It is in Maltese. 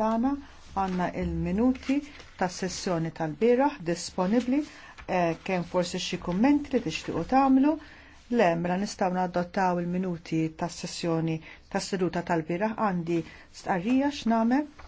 tagħna għandna il-minuti tas sessjoni tal-bieraħ disponibbli eh, kemm forsi xi kummenti li tixtiequ tagħmlu. Le, mela nistgħu nadottaw il-minuti tas sessjoni tas seduta tal-bieraħ għandi stqarrija x'namel